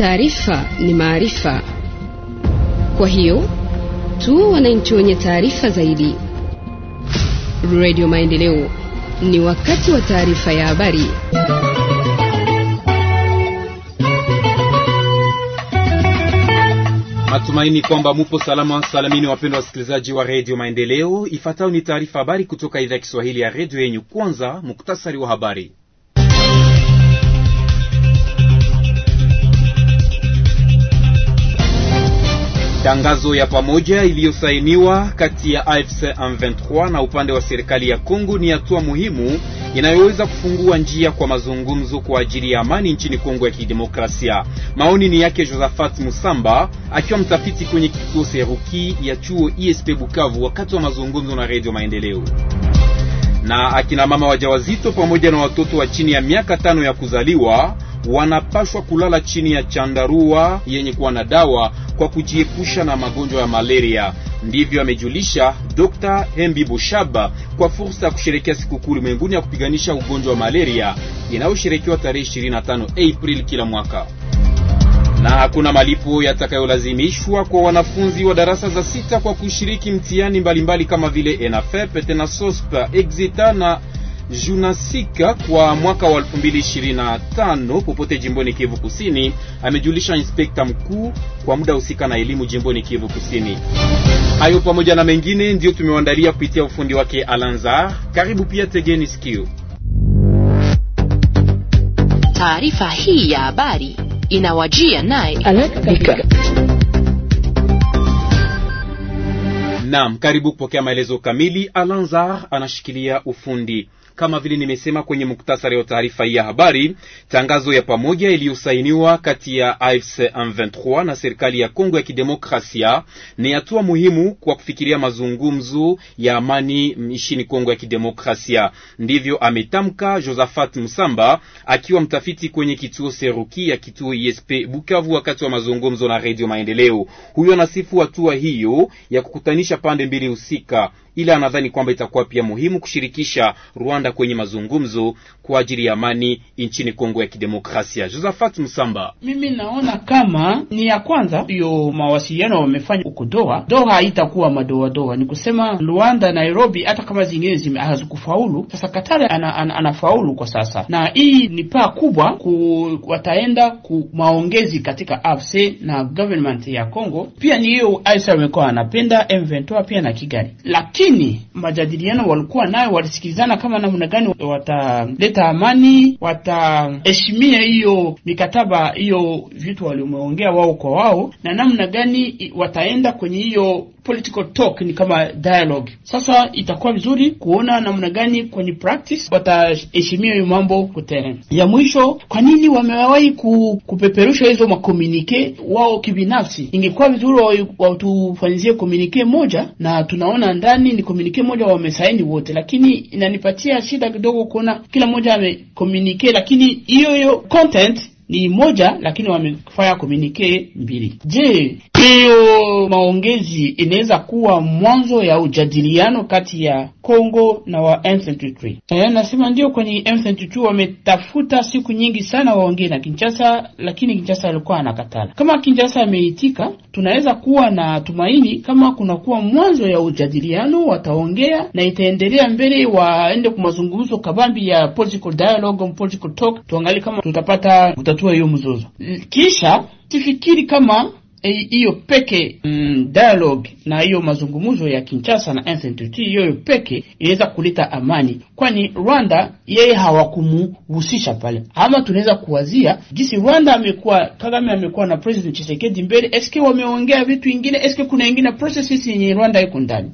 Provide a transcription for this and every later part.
Taarifa ni maarifa, kwa hiyo tu wananchi wenye taarifa zaidi. Radio Maendeleo, ni wakati wa taarifa ya habari. matumaini kwamba mupo salama salamini, wapendwa wasikilizaji wa redio Maendeleo. Ifuatayo ni taarifa habari kutoka idhaa ya Kiswahili ya redio yenyu. Kwanza, muktasari wa habari. Tangazo ya pamoja iliyosainiwa kati ya AFC M23 na upande wa serikali ya Kongo ni hatua muhimu inayoweza kufungua njia kwa mazungumzo kwa ajili ya amani nchini Kongo ya Kidemokrasia. Maoni ni yake Josephat Musamba akiwa mtafiti kwenye kituo Seruki ya chuo ISP Bukavu wakati wa mazungumzo na Radio Maendeleo. Na akina mama wajawazito pamoja na watoto wa chini ya miaka tano ya kuzaliwa wanapashwa kulala chini ya chandarua yenye kuwa na dawa kwa kujiepusha na magonjwa ya malaria. Ndivyo amejulisha Dr. Hembi Boshaba kwa fursa ya kusherekea sikukuu ulimwenguni ya kupiganisha ugonjwa wa malaria inayosherekewa tarehe 25 april kila mwaka na hakuna malipo yatakayolazimishwa kwa wanafunzi wa darasa za sita kwa kushiriki mtihani mbalimbali kama vile ENAFEP, TENASOSP, EXITA na junasika kwa mwaka wa 2025 popote jimboni Kivu Kusini, amejulisha inspekta mkuu kwa muda husika na elimu jimboni Kivu Kusini. Hayo pamoja na mengine ndiyo tumewaandalia kupitia ufundi wake Alanza. Karibu pia tegeni sikio taarifa hii ya habari inawajia naye Naam, karibu kupokea maelezo kamili. Alanzar anashikilia ufundi kama vile nimesema kwenye muktasari wa taarifa hii ya habari, tangazo ya pamoja iliyosainiwa kati ya AFC M23 na serikali ya Kongo ya Kidemokrasia ni hatua muhimu kwa kufikiria mazungumzo ya amani nchini Kongo ya Kidemokrasia. Ndivyo ametamka Josephat Musamba akiwa mtafiti kwenye kituo Seruki ya kituo ISP Bukavu wakati wa mazungumzo na Radio Maendeleo. Huyo anasifu hatua hiyo ya kukutanisha pande mbili husika, ila anadhani kwamba itakuwa pia muhimu kushirikisha Rwanda kwenda kwenye mazungumzo kwa ajili ya amani nchini Kongo ya Kidemokrasia. Josephat Musamba: mimi naona kama ni ya kwanza hiyo mawasiliano wamefanya huko Doha. Doha haitakuwa madoadoa, ni kusema Luanda, Nairobi, hata kama zingine zime hazikufaulu. Sasa Katari ana, ana, anafaulu kwa sasa, na hii ni paa kubwa ku, wataenda ku maongezi katika AFC na government ya Kongo. Pia ni hiyo aisa amekuwa anapenda M23 pia na Kigali, lakini majadiliano walikuwa nayo walisikilizana kama na namna gani wataleta amani, wataheshimia hiyo mikataba, hiyo vitu walimeongea wao kwa wao, na namna gani wataenda kwenye hiyo political talk ni kama dialogue. Sasa itakuwa vizuri kuona namna gani kwenye practice wataheshimia hiyo mambo kutere. Ya mwisho, kwa nini wamewahi ku, kupeperusha hizo makomunike wao kibinafsi? Ingekuwa vizuri watufanyizie komunike moja, na tunaona ndani ni komunike moja wamesaini wote, lakini inanipatia shida kidogo kuona kila mmoja amekomunike, lakini hiyo hiyo content ni moja, lakini wamefanya komunike mbili. Je, hiyo maongezi inaweza kuwa mwanzo ya ujadiliano kati ya Kongo na wa M23? E, nasema ndio, kwenye M23 wametafuta siku nyingi sana waongee na Kinshasa, lakini Kinshasa alikuwa anakatala. Kama Kinshasa ameitika, tunaweza kuwa na tumaini kama kunakuwa mwanzo ya ujadiliano, wataongea na itaendelea mbele, waende kumazungumzo kabambi ya political dialogue, political talk. Tuangalie kama tutapata utatu kutatua hiyo mzozo. Mm, kisha sifikiri kama eh, hiyo peke mm, dialogue na hiyo mazungumzo ya Kinshasa na n hiyo peke inaweza kuleta amani, kwani Rwanda yeye hawakumuhusisha pale. Ama tunaweza kuwazia jinsi Rwanda amekuwa Kagame amekuwa na President Tshisekedi mbele, eske wameongea vitu vingine? Eske kuna ingine processes yenye Rwanda iko ndani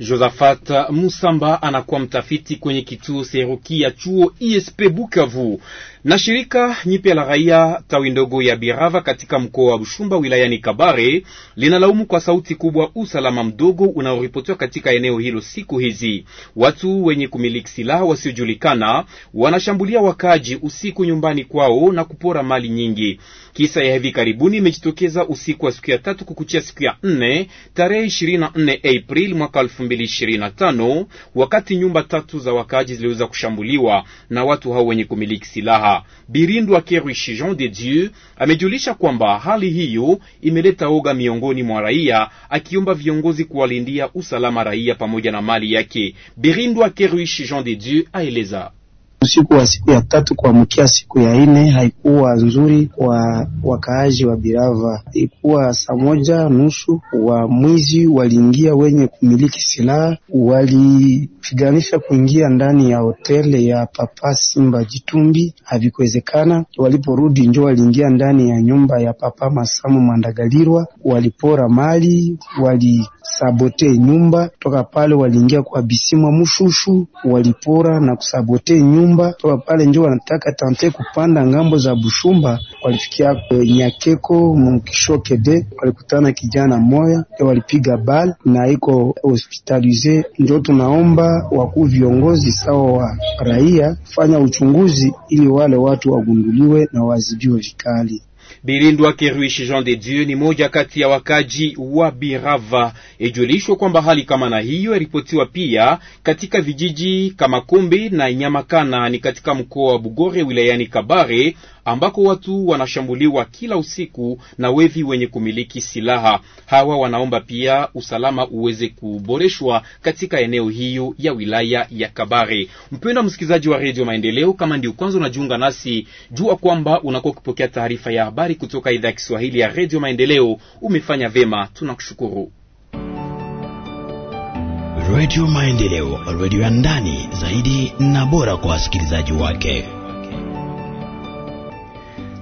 Josafat Musamba anakuwa mtafiti kwenye kituo Seruki ya chuo ISP e Bukavu na shirika nyipya la raia tawi ndogo ya Birava katika mkoa wa Bushumba wilayani Kabare linalaumu kwa sauti kubwa usalama mdogo unaoripotiwa katika eneo hilo siku hizi. Watu wenye kumiliki silaha wasiojulikana wanashambulia wakaji usiku nyumbani kwao na kupora mali nyingi. Kisa ya hivi karibuni imejitokeza usiku wa siku ya tatu kukuchia siku ya nne tarehe 24 Aprili mwaka elfu elfu wakati nyumba tatu za wakaaji ziliweza kushambuliwa na watu hao wenye kumiliki silaha. Birindwa Kerushi Jean de Dieu amejulisha kwamba hali hiyo imeleta oga miongoni mwa raia, akiomba viongozi kuwalindia usalama raia pamoja na mali yake. Birindwa Kerushi Jean de Dieu aeleza Usiku wa siku ya tatu kuamkia siku ya nne haikuwa nzuri kwa wakaaji wa Birava. Ilikuwa saa moja nusu wa mwizi waliingia, wenye kumiliki silaha wali kupiganisha kuingia ndani ya hoteli ya Papa Simba Jitumbi havikuwezekana. Waliporudi njo waliingia ndani ya nyumba ya Papa Masamu Mandagalirwa, walipora mali, walisabote nyumba. Toka pale waliingia kwa Bisimwa Mushushu, walipora na kusabote nyumba. Toka pale njo wanataka tante kupanda ngambo za Bushumba, walifikia Nyakeko Mukishokede, walikutana kijana moya, walipiga bal na iko hospitalize. Njo tunaomba wakuu viongozi sawa wa raia kufanya uchunguzi ili wale watu wagunduliwe na wazibiwe vikali. Birindwa Keruishi Jean de Dieu ni moja kati ya wakaji wa Birava. Ijulishwa kwamba hali kama na hiyo eripotiwa pia katika vijiji kama Kumbi na Nyamakana ni katika mkoa wa Bugore wilayani Kabare, ambako watu wanashambuliwa kila usiku na wevi wenye kumiliki silaha. Hawa wanaomba pia usalama uweze kuboreshwa katika eneo hiyo ya wilaya ya Kabare. Mpenda msikilizaji wa Redio Maendeleo, kama ndio kwanza unajiunga nasi, jua kwamba unakuwa ukipokea taarifa ya habari kutoka idhaa ya Kiswahili ya Redio Maendeleo. Umefanya vema, tunakushukuru. Redio Maendeleo, redio ya ndani zaidi na bora kwa wasikilizaji wake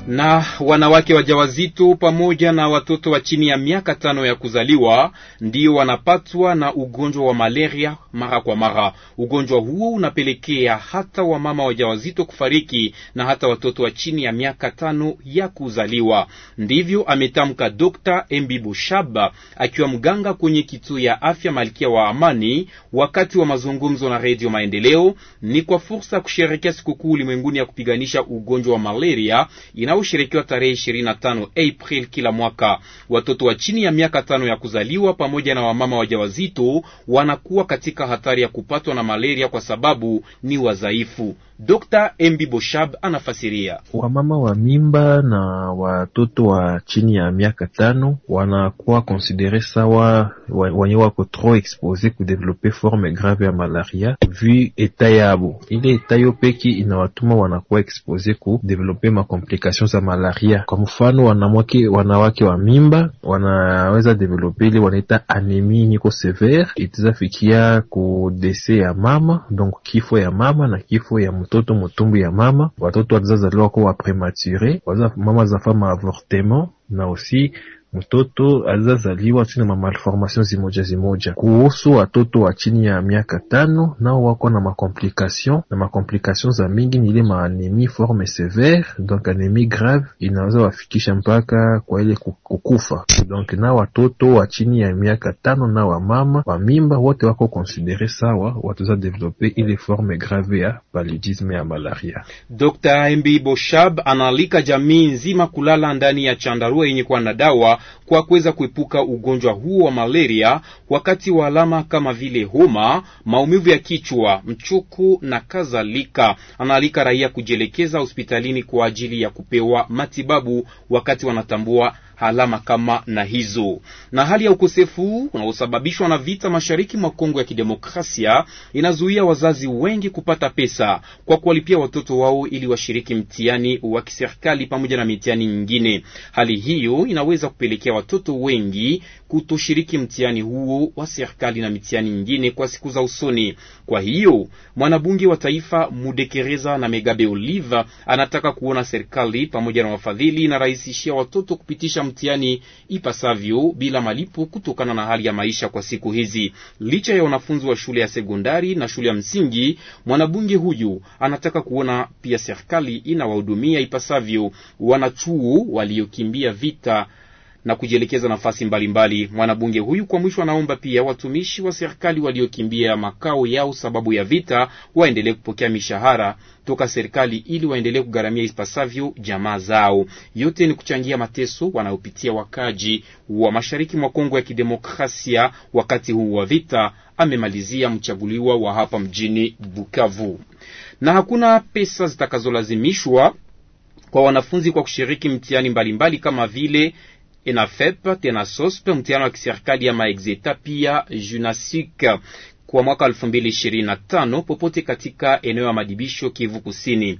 na wanawake wajawazito pamoja na watoto wa chini ya miaka tano ya kuzaliwa ndio wanapatwa na ugonjwa wa malaria mara kwa mara. Ugonjwa huo unapelekea hata wamama wajawazito kufariki na hata watoto wa chini ya miaka tano ya kuzaliwa. Ndivyo ametamka Dr. Embi Bushaba akiwa mganga kwenye kituo ya afya Malkia wa Amani wakati wa mazungumzo na Redio Maendeleo. Ni kwa fursa ya kusherekea sikukuu ulimwenguni ya kupiganisha ugonjwa wa malaria ina inayoshirikiwa tarehe 25 April kila mwaka. Watoto wa chini ya miaka tano ya kuzaliwa pamoja na wamama wajawazito wanakuwa katika hatari ya kupatwa na malaria kwa sababu ni wadhaifu. Dr. Embi Boshab anafasiria. Wamama wa mimba na watoto wa chini ya miaka tano wanakuwa konsidere sawa wenye wako trop expose kudevelope forme grave ya malaria vu eta yabo. Ile eta yo peki inawatuma wanakuwa expose kudevelope makomplikasyon za malaria. Kwa mfano, wanawake wanawake wa mimba wanaweza develope ile wanaita anemi niko severe, itazafikia ku dese ya mama, donc kifo ya mama na kifo ya mtu watoto mutumbu ya mama, watoto walizazaliwa kwa waza mama zafama avortement na usi mtoto alizazaliwa chini na malformation zimoja zimoja. Kuhusu watoto wa chini ya miaka tano, nao wako na makomplikation na makomplikation za mingi ni ile maanemi forme severe, donc anemi grave inaweza wafikisha mpaka kwa ile kukufa. Donc na watoto wa chini ya miaka tano na mama wa mimba wote wako konsidere sawa, wataweza develope ile forme grave ya paludisme ya malaria. Dr. Mb Boshab analika jamii nzima kulala ndani ya chandarua yenye kuwa na dawa kwa kuweza kuepuka ugonjwa huo wa malaria, wakati wa alama kama vile homa, maumivu ya kichwa, mchuku na kadhalika. Anaalika raia kujielekeza hospitalini kwa ajili ya kupewa matibabu wakati wanatambua alama kama na hizo. Na hali ya ukosefu unaosababishwa na vita mashariki mwa Kongo ya Kidemokrasia inazuia wazazi wengi kupata pesa kwa kuwalipia watoto wao ili washiriki mtihani wa kiserikali pamoja na mitihani nyingine Hali hiyo inaweza kupelekea watoto wengi kutoshiriki mtihani huo wa serikali na mitihani nyingine kwa siku za usoni. Kwa hiyo mwanabunge wa taifa Mudekereza na Megabe Oliva anataka kuona serikali pamoja na wafadhili inarahisishia watoto kupitisha mtihani ipasavyo bila malipo kutokana na hali ya maisha kwa siku hizi. Licha ya wanafunzi wa shule ya sekondari na shule ya msingi, mwanabunge huyu anataka kuona pia serikali inawahudumia ipasavyo wanachuo waliokimbia vita na kujielekeza nafasi mbalimbali. Mwanabunge huyu kwa mwisho anaomba pia watumishi wa serikali waliokimbia makao yao sababu ya vita waendelee kupokea mishahara toka serikali ili waendelee kugharamia ipasavyo jamaa zao. Yote ni kuchangia mateso wanayopitia wakaji wa mashariki mwa Kongo ya Kidemokrasia wakati huu wa vita, amemalizia mchaguliwa wa hapa mjini Bukavu. Na hakuna pesa zitakazolazimishwa kwa wanafunzi kwa kushiriki mtihani mbalimbali kama vile ENAFEP tena SOSP, mtiano wa kiserikali ya maexeta pia JUNASIK kwa mwaka 2025 popote katika eneo ya madibisho Kivu Kusini.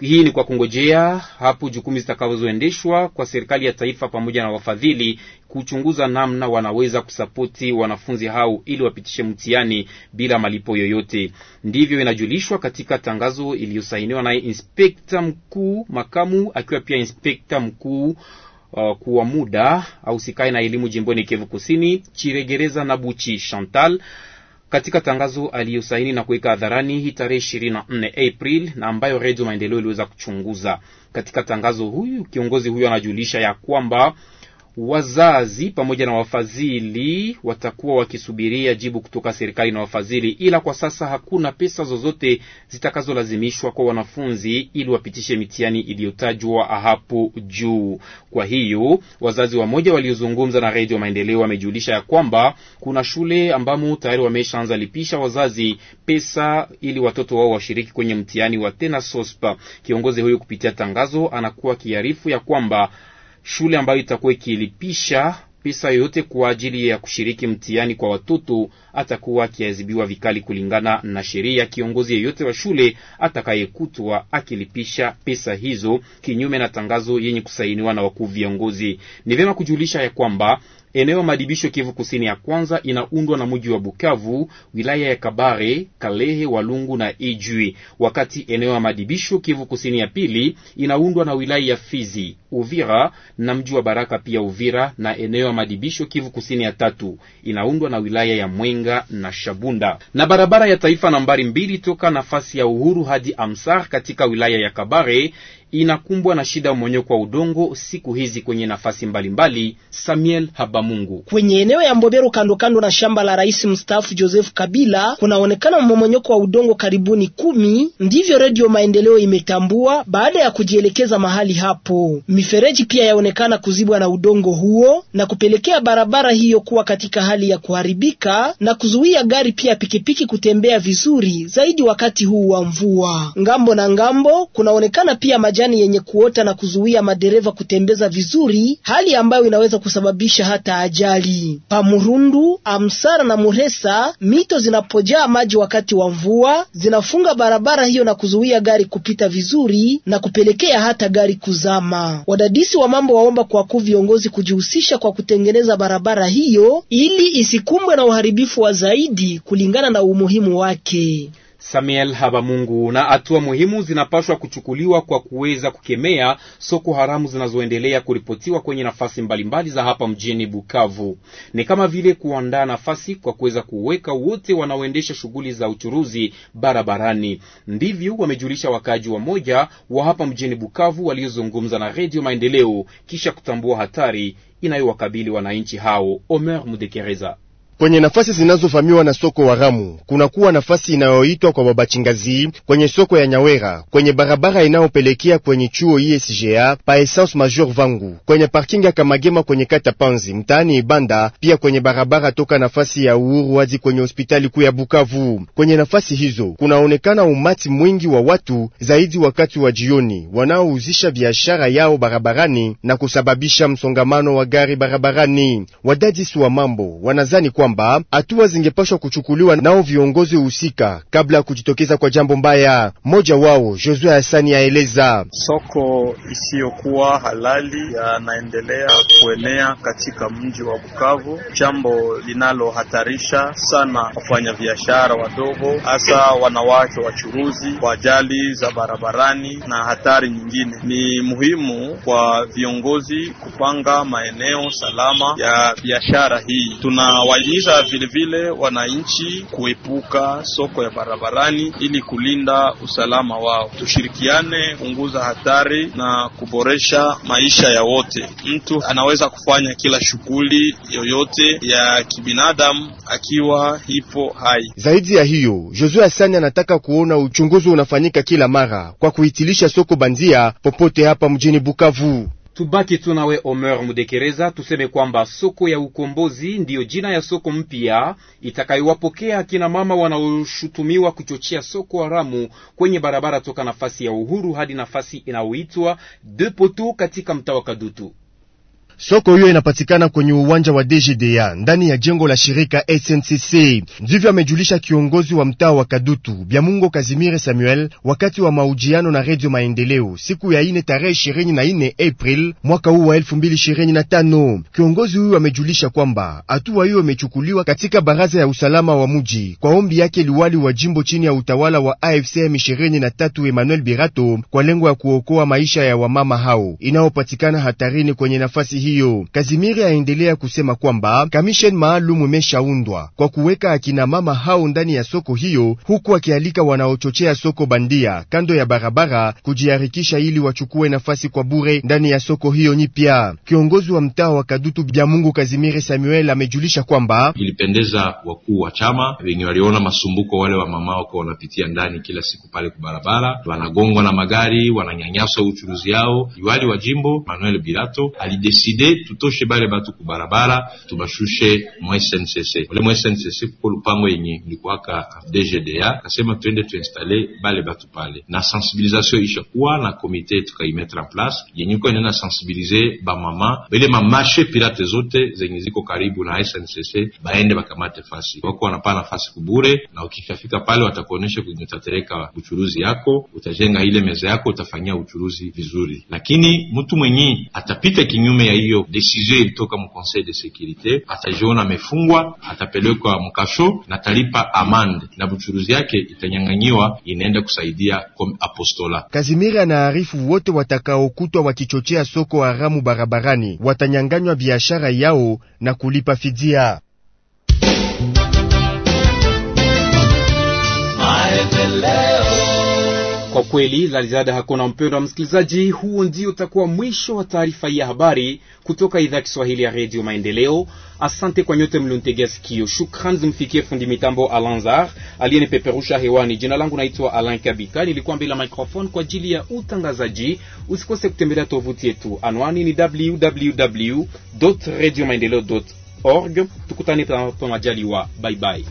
Hii ni kwa kungojea hapo jukumu zitakazoendeshwa kwa serikali ya taifa pamoja na wafadhili kuchunguza namna wanaweza kusapoti wanafunzi hao ili wapitishe mtihani bila malipo yoyote. Ndivyo inajulishwa katika tangazo iliyosainiwa naye inspekta mkuu makamu akiwa pia inspekta mkuu uh, kuwa muda au sikai na elimu jimboni Kivu Kusini, Chiregereza na Buchi Chantal katika tangazo aliyosaini na kuweka hadharani hii tarehe 24 April na ambayo Redio Maendeleo iliweza kuchunguza. Katika tangazo huyu, kiongozi huyu anajulisha ya kwamba wazazi pamoja na wafadhili watakuwa wakisubiria jibu kutoka serikali na wafadhili, ila kwa sasa hakuna pesa zozote zitakazolazimishwa kwa wanafunzi ili wapitishe mitihani iliyotajwa hapo juu. Kwa hiyo wazazi wamoja waliozungumza na Redio Maendeleo wamejulisha ya kwamba kuna shule ambamo tayari wameshaanza lipisha wazazi pesa ili watoto wao washiriki kwenye mtihani wa tena sospa. Kiongozi huyu kupitia tangazo anakuwa kiarifu ya kwamba shule ambayo itakuwa ikilipisha pesa yoyote kwa ajili ya kushiriki mtihani kwa watoto atakuwa akiadhibiwa vikali kulingana na sheria. Kiongozi yeyote wa shule atakayekutwa akilipisha pesa hizo kinyume na tangazo yenye kusainiwa na wakuu viongozi, ni vyema kujulisha ya kwamba Eneo madibisho Kivu Kusini ya kwanza inaundwa na mji wa Bukavu, wilaya ya Kabare, Kalehe, Walungu na Ijwi, wakati eneo ya madibisho Kivu Kusini ya pili inaundwa na wilaya ya Fizi, Uvira na mji wa Baraka pia Uvira, na eneo ya madibisho Kivu Kusini ya tatu inaundwa na wilaya ya Mwenga na Shabunda, na barabara ya taifa nambari mbili toka nafasi ya Uhuru hadi Amsar katika wilaya ya Kabare inakumbwa na shida ya mmonyoko wa udongo siku hizi kwenye nafasi mbalimbali mbali. Samuel Habamungu: kwenye eneo ya Mbobero kando kando na shamba la rais mstaafu Joseph Kabila kunaonekana mmomonyoko wa udongo karibuni kumi, ndivyo Redio Maendeleo imetambua baada ya kujielekeza mahali hapo. Mifereji pia yaonekana kuzibwa na udongo huo na kupelekea barabara hiyo kuwa katika hali ya kuharibika na kuzuia gari pia pikipiki kutembea vizuri zaidi wakati huu wa mvua. Ngambo na ngambo kunaonekana pia maja majani yenye kuota na kuzuia madereva kutembeza vizuri, hali ambayo inaweza kusababisha hata ajali. Pamurundu, Amsara na Muresa, mito zinapojaa maji wakati wa mvua zinafunga barabara hiyo na kuzuia gari kupita vizuri na kupelekea hata gari kuzama. Wadadisi wa mambo waomba kwa kuu viongozi kujihusisha kwa kutengeneza barabara hiyo ili isikumbwe na uharibifu wa zaidi kulingana na umuhimu wake. Samuel Habamungu. Na hatua muhimu zinapaswa kuchukuliwa kwa kuweza kukemea soko haramu zinazoendelea kuripotiwa kwenye nafasi mbalimbali za hapa mjini Bukavu, ni kama vile kuandaa nafasi kwa kuweza kuweka wote wanaoendesha shughuli za uchuruzi barabarani. Ndivyo wamejulisha wakaaji moja wa hapa mjini Bukavu waliozungumza na Redio Maendeleo kisha kutambua hatari inayowakabili wananchi hao. Omer Mudekereza Kwenye nafasi zinazovamiwa na soko haramu kunakuwa nafasi inayoitwa kwa babachingazi kwenye soko ya Nyawera, kwenye barabara inayopelekea kwenye chuo ISGA pa Essence Major Vangu, kwenye parking ya Kamagema, kwenye kata Panzi mtaani Ibanda, pia kwenye barabara toka nafasi ya Uhuru hadi kwenye hospitali kuu ya Bukavu. Kwenye nafasi hizo kunaonekana umati mwingi wa watu zaidi wakati wa jioni, wanaouzisha biashara yao barabarani na kusababisha msongamano wa gari barabarani. Wadadisi wa mambo wanazani kwa kwamba hatua zingepashwa kuchukuliwa nao viongozi husika kabla ya kujitokeza kwa jambo mbaya. Mmoja wao Josue Hasani aeleza soko isiyokuwa halali yanaendelea kuenea katika mji wa Bukavu, jambo linalohatarisha sana wafanyabiashara wadogo, hasa wanawake wachuruzi, ajali za barabarani na hatari nyingine. Ni muhimu kwa viongozi kupanga maeneo salama ya biashara hii. Tunawali kuhimiza vilevile wananchi kuepuka soko ya barabarani ili kulinda usalama wao. Tushirikiane kupunguza hatari na kuboresha maisha ya wote. Mtu anaweza kufanya kila shughuli yoyote ya kibinadamu akiwa ipo hai. Zaidi ya hiyo, Josue Asani anataka kuona uchunguzi unafanyika kila mara kwa kuhitilisha soko bandia popote hapa mjini Bukavu. Tubaki tu nawe Omer Mudekereza, tuseme kwamba soko ya ukombozi ndiyo jina ya soko mpya itakayowapokea akina mama wanaoshutumiwa kuchochea soko haramu kwenye barabara toka nafasi ya Uhuru hadi nafasi inayoitwa Depoto katika mtaa wa Kadutu. Soko hiyo inapatikana kwenye uwanja wa DGDA ndani ya jengo la shirika SNCC. Ndivyo amejulisha kiongozi wa mtaa wa Kadutu Byamungo Kazimire Samuel wakati wa maujiano na Redio Maendeleo siku ya ine tarehe ishirini na ine April mwaka huu wa elfu mbili ishirini na tano. Kiongozi huyu amejulisha kwamba hatua hiyo imechukuliwa katika baraza ya usalama wa muji kwa ombi yake liwali wa jimbo chini ya utawala wa AFCM ishirini na tatu Emmanuel Birato kwa lengo ya kuokoa maisha ya wamama hao inayopatikana hatarini kwenye nafasi hiyo. Kazimiri aendelea kusema kwamba kamisheni maalum imeshaundwa kwa kuweka akina mama hao ndani ya soko hiyo, huku akialika wanaochochea soko bandia kando ya barabara kujiharikisha ili wachukue nafasi kwa bure ndani ya soko hiyo nyipya. Kiongozi wa mtaa wa Kadutu bya Mungu Kazimiri Samuel amejulisha kwamba ilipendeza wakuu wa chama wenye waliona masumbuko wale wa mama wako wanapitia ndani kila siku pale kwa barabara, wanagongwa na magari, wananyanyaswa uchuruzi yao. Liwali wa jimbo Manuel Birato alidesi deside tutoshe bale batu kubarabara tubashushe mwa SNCC ule mwa SNCC kuko lupango yenye likuwaka DGDA kasema tuende tuinstale bale batu pale na sensibilisation ishakuwa na komite tukaimetre en place yenye iko inaenda sensibilize bamama bele mamarche pirate zote zenye ziko karibu na SNCC baende bakamate fasi wako wanapaa nafasi kubure na ukifika pale watakuonyesha kwenye utatereka uchuruzi yako utajenga ile meza yako utafanyia uchuruzi vizuri lakini mtu mwenye atapita kinyume ya hiyo desizio ilitoka mu Conseil de Securite, atajiona amefungwa, atapelekwa mkasho na talipa amande na buchuruzi yake itanyang'anyiwa, inaenda kusaidia kom apostola. Kazimiri anaarifu wote watakaokutwa wakichochea soko haramu barabarani watanyang'anywa biashara yao na kulipa fidia. Kwa kweli la ziada hakuna, wa msikilizaji, huo ndio utakuwa mwisho wa taarifa hii ya habari kutoka idhaa ya Kiswahili ya redio Maendeleo. Asante kwa nyote mlionitegea sikio. Shukran zimfikie fundi mitambo Alanzar aliyenipeperusha hewani. Jina langu naitwa Alan Kabika, nilikuwa mbele microphone kwa ajili ya utangazaji. Usikose kutembelea tovuti yetu, anwani ni www radio maendeleo org. Tukutane panapo majaliwa, bye.